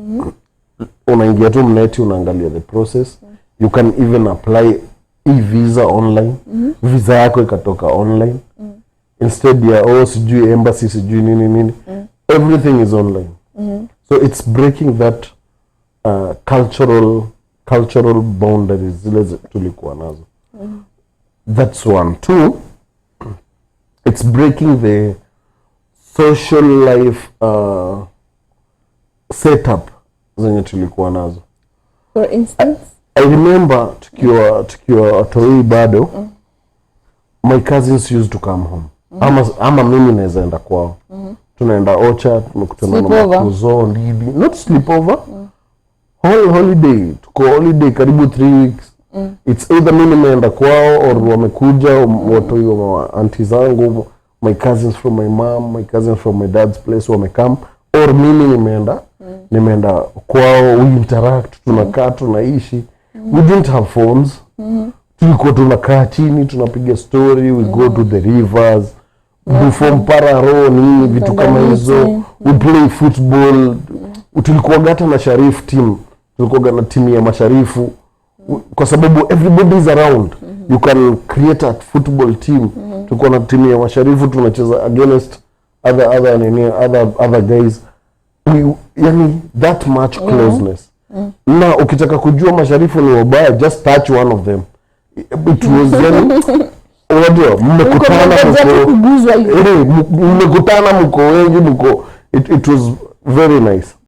-hmm. unaingia tu mneti unaangalia the process mm -hmm. you can even apply e-visa online mm -hmm. visa yako ikatoka online mm -hmm. instead ya oh sijui embassy sijui nini nini mm -hmm. everything is online mm -hmm. so it's breaking that uh, cultural cultural boundaries zile tulikuwa nazo mm -hmm. that's one two it's breaking the social life uh, setup zenye tulikuwa nazo. For instance, I remember tukiwa tukiwa watoi bado mm. my cousins used to come home mm -hmm. ama, ama mimi naweza enda kwao mm -hmm. tunaenda Ocha, tunakutana na makuzo nini not sleep over mm. whole holiday, tuko holiday karibu 3 weeks mm. it's either mimi naenda kwao or wamekuja mm. Um, watoi wa aunti zangu, my cousins from my mom, my cousins from my dad's place wamekam or mimi nimeenda mm. nimeenda kwao, we interact, tunakaa mm. tunaishi mm. we didn't have phones mm. -hmm. tulikuwa tunakaa chini tunapiga story we mm. go to the rivers before mpara roho nini vitu kama hizo, we play football. mm. tulikuwa gata na Sharif team, tulikuwa na timu ya masharifu kwa sababu everybody is around mm -hmm. you can create a football team. mm -hmm. Tulikuwa na timu ya masharifu tunacheza against other other nini other other guys ni yani that much mm-hmm. closeness mm. Mm. na ukitaka kujua masharifu ni wabaya just touch one of them it was yani unajua mmekutana mko mmekutana mko wengi mko it, it was very nice